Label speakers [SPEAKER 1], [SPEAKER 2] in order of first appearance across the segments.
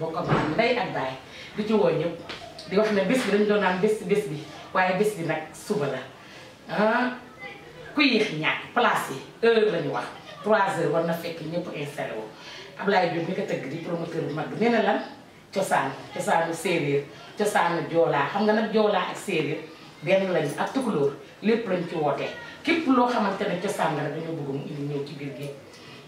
[SPEAKER 1] boo ko baax ndey ak baay di ci woo ñëpp di wax ne bés bi dañ doon naan bés bés bi waaye bés bi nag suba la kuy ah, ku yéex ñàkk place yi heure la wax 3 heures war na fekk ñëpp installé wu. Ablaye Diop mi ko tëgg di promoteur bu mag bi lan cosaan cosaanu séeréer cosaanu joolaa xam nga nag joolaa ak séeréer benn lañu ak tukulóor lépp lañ ci woote képp loo xamante ne cosaan nga rek dañoo bëgg mu indi ñëw ci biir géej.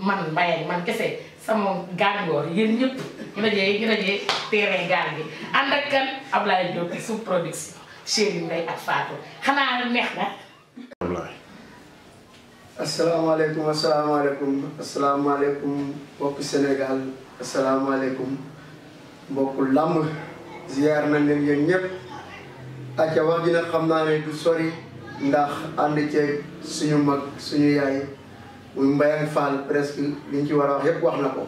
[SPEAKER 1] man Mbaye man kese sama gàngoor yéen ñëpp ñu dajee ñu dajee terrain gaan bi ànd ak kan Ablaye Diop ci sous production Chéri Ndeye ak Fatou xanaa neex
[SPEAKER 2] na. asalaamaaleykum asalaamaaleykum asalaamaaleykum mbokku Sénégal asalaamaaleykum mbokku làmb ziar nañ leen yéen ñëpp. acca wax ji nag xam naa ne du sori ndax ànd ceeg suñu mag suñu yaay. muy Mbayang Fall presque liñ ci war a wax yépp wax na ko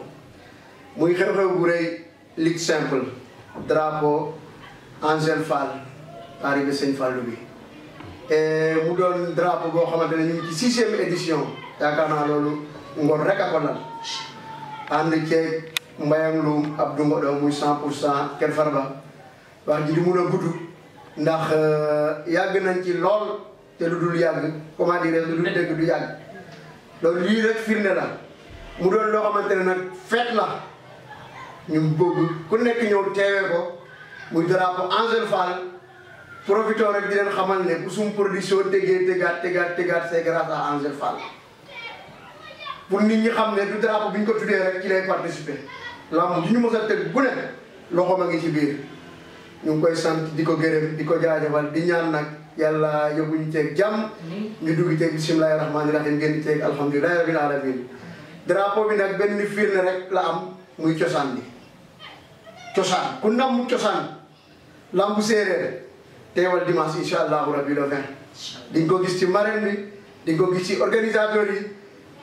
[SPEAKER 2] muy xew-xew bu rëy ligue simple drapeau Angel Fall arrivé Sëñ Fallu bi mu doon drapo boo xamante ne ñu ngi ci sixième édition yaakaar naa loolu ngor rek a ko lal ànd ceeg Mbayang Loum Abdou Ngodo muy cent pour cent Kër Farba wax ji di mun a gudd ndax euh, yàgg nañ ci lool te lu dul yàgg comment dire lu dul dégg du yàgg loolu lii rek firnde la mu doon loo xamante ne nag feet la ñu bëgg ku nekk ñëw teewee ko muy drapeau Angel Fall profitoo rek di leen xamal ne bu suñu production tegee tegaat tegaat tegaat c'est grâce à Angel Fall pour nit ñi xam ne du drapeau bi ñu ko tuddee rek ci lay participer lamb ju ñu mos a tëgg bu ne loxo ma ngi ci biir ñu ngi koy sant di ko gërëm di ko jaajëfal di ñaan nag Yalla, yóbbuñu ceeg jam, ñu dugg ci bisimilahi rahmaani rahim alhamdulillah. ceeg alhamdulilahi rabbil alamin drapo bi nak benn firnde rek la am muy ciosan bi ciosan ku ndam ciosan lambu séeréer teewal dimanche incha allahu rabi di ko gis ci marraine bi di ko gis ci organisateur yi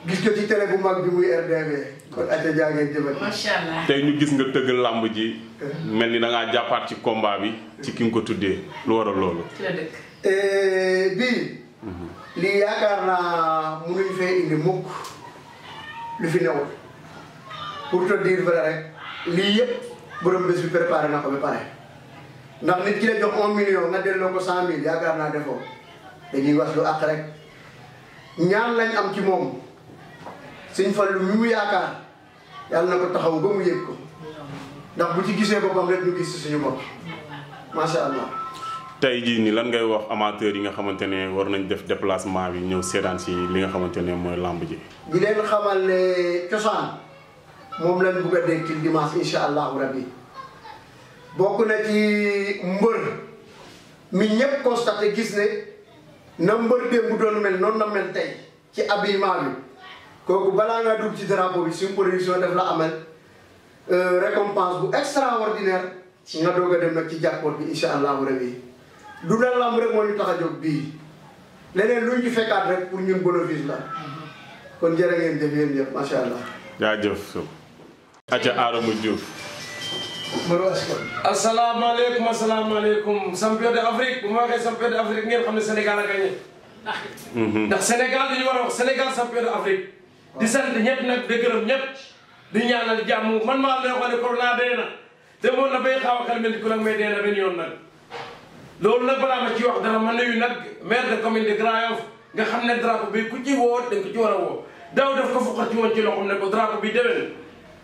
[SPEAKER 2] gis ko ci télé bu mag bi muy RDV kon aca jage allah
[SPEAKER 3] ñu gis nga teug lamb ji eh. melni da nga jàppaat ci combat bi ci lu waral lolu
[SPEAKER 2] ci la dëkk bii lii yaakaar naa munuñ fee indi mukk lu fi newul pour te dire vrai rek lii yëpp borom bés bi préparé na ko ba pare ndax nit ki la jox un million ko cent mille yaakaar naa defoo dañuy was lu àq rek ñaan lañ am ci moom suñ fallu mi mu yaakaar yàlla na ko taxaw ba mu yëg ko ndax bu ci gisee boppam rek ñu gis ci suñu bopp macha allah.
[SPEAKER 3] tay jii nii lan ngay wax amateur yi nga xamante ne war nañ def déplacement bi ñëw seetaan si li nga xamante ne mooy làmb ji.
[SPEAKER 2] di leen xamal ne cosaan moom lañ bugg a dégg ci dimanche incha allahu rabi bokk na ci mbër mi ñëpp constaté gis ne na mbër démb doon mel noonu na mel tey ci habillement bi kooku balaa nga dugg ci drapeau bi suñu production def la amal euh, récompense bu extraordinaire nga doog a dem nag ci jàppoot bi incha allahu rabi du na lamb rek mo ñu taxaj a bi leneen luñ ci fekkat rek pour ñun bénéfice la kon jere ngeen def yeen yeb machallah
[SPEAKER 3] allah. jëf aca Adama ara mu jëf
[SPEAKER 2] assalamualaikum
[SPEAKER 3] assalamualaikum. champion de Afrique bu ma waxee champion de Afrique ngeen xam Senegal Sénégal a gagné. Mhm. ndax Senegal dañu war wax Sénégal champion de Afrique. di sant ñëpp nak di gërëm ñëpp di ñaanal man maa kalau di corona dee na te moom na bay xaw a xel mel ni ku may loolu nag balaa ma ci wax dara ma nuyu nag maire de commune de nga xam ne drapeau bi ku ci woo da nga ko ci a ko fuqar ci woon ci loxoom ne ko drapeau bi déwén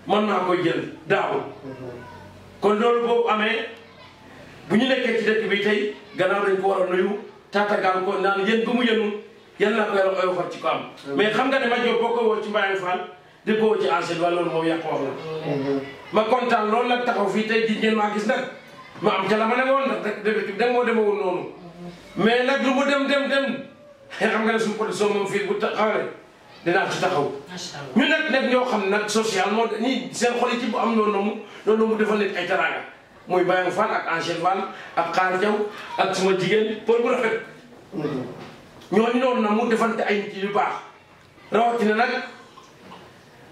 [SPEAKER 3] mën naa koy jël daaw loolu boobu amee bu ñu nekkee ci dëkk bi tey gannaaw dañ ko war a nuyu taatagaan ko naan yéen ba mu yënu yal naa ko yàlla oyofal ci ko am. mais xam nga ne ma jóg boo ko woo ci Mbaye Fall di ko woo ci ancien wala loolu moom yàq wax la. ma kontaan loolu nag taxaw fii tey di ngeen maa gis nag. ma am ca la ma ne woon ndax d'habitude dem moo noonu mais nag lu mu dem dem dem xam nga ne suñu fii bu taxawee dinaa ci taxaw. ñu nag nekk ñoo xam nag social moo ñi seen xol yi ci bu am noonu noonu noonu ay teraanga mooy Bayang Fall ak Angèle Fall ak Xaar suma jigéen pour bu rafet. ay nit rawatina nag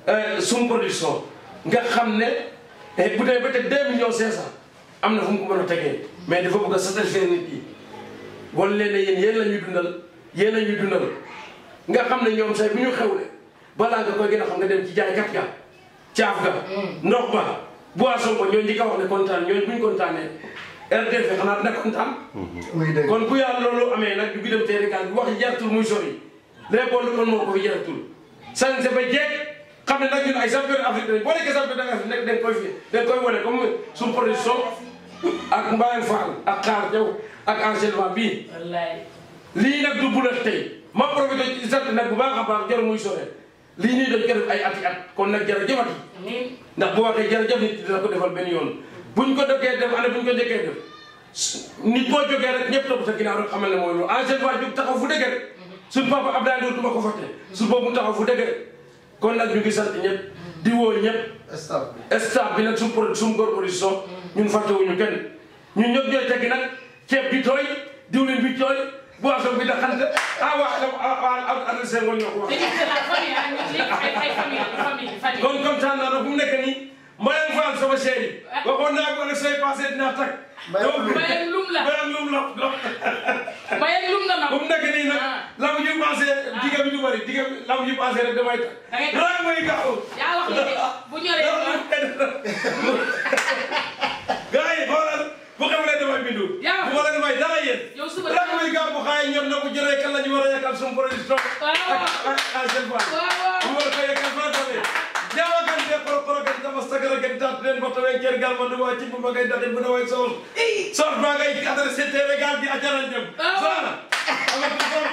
[SPEAKER 3] euh, suñu production nga xam ne eh, bu dee ba tey deux millions cinq am na fu mu ko mën tegee mais dafa bëgg a satisfaire nit yi wan leen ne yéen ñuy dundal yéen la ñuy dundal nga xam ne ñoom say bu ñu xewle balaa nga koy gën a xam nga dem ci jaaykat ga caaf ga
[SPEAKER 2] mm. ndox ba
[SPEAKER 3] boisson ba ñooñu di ko wax ne kontaan ñooñu bu ñu kontaanee RDF xanaa dina
[SPEAKER 2] mm-hmm. kon
[SPEAKER 3] bu yàlla loolu amee nag du gi dem teeri gaan wax jartul muy sori léegi boolu kon moo ko fi jartul sañ sa ba jeeg xam ne nag ñun ay champion Afrique lañ boo nekkee champion Afrique nekk dañ koy fi dañ ak Mbaye Fall ak Xaar jew ak enchaînement bii. wallaay. lii nag du bulat tey ma profité ci sant nag bu baax a baax jar muy sore lii nii dañ ko ay at at kon nag jërëjëfati. ndax bu waxee jërëjëf nit dina ko defal benn yoon. buñ ko dëkkee def année buñ ko njëkkee def nit boo jógee rek ñëpp topp sa ginnaaw rek xamal ne mooy loolu enchaînement jóg taxaw fu dëgg rek. suñ papa Abdoulaye Ndour du taxaw fu dëgg kon nag sant ñëpp. di woo ñëpp. staff bi staff bi nag suñ pro suñ góor production. Mm-hmm. ñun fàttewuñu kenn ñun ñëpp ñooy tekki nag ceeb bi tooy diwlin bi tooy boisson bi daxante ah wax ah ah Senghor ñoo ko wax.
[SPEAKER 1] Ah, kon kontaan
[SPEAKER 3] naa ne fu mu nekk nii. Mbayang Fall sama chéri. Ah. waxoon naa ko ne sooy passé dinaa tag. Mbayang lum la Mbayang lum la Mbayang lum la nag. bu mu nekk nii nag. Ah. law yu passé digga bi du bëri digga law yu passé rek damay tag.
[SPEAKER 1] bu ñoree gars
[SPEAKER 3] yi xoolal bu xewlee damay bindu. yaa ngi xoolal damay dara yéen. yow suba la muy gaaw bu xaay ñoom na ko jëlee kan la ñu war a yàkkal suñu production. waaw waaw ak ak seen bu war ko yàkkal fan tamit. jaawa kan de koro koro kan dama sagara kan taat leen ba tawee kër gaal ma ne waa ci bu ma ngay date bu ne waay soos. soos maa ngay adressé télé gaal gi ajaran jëm. waaw oh. soxna.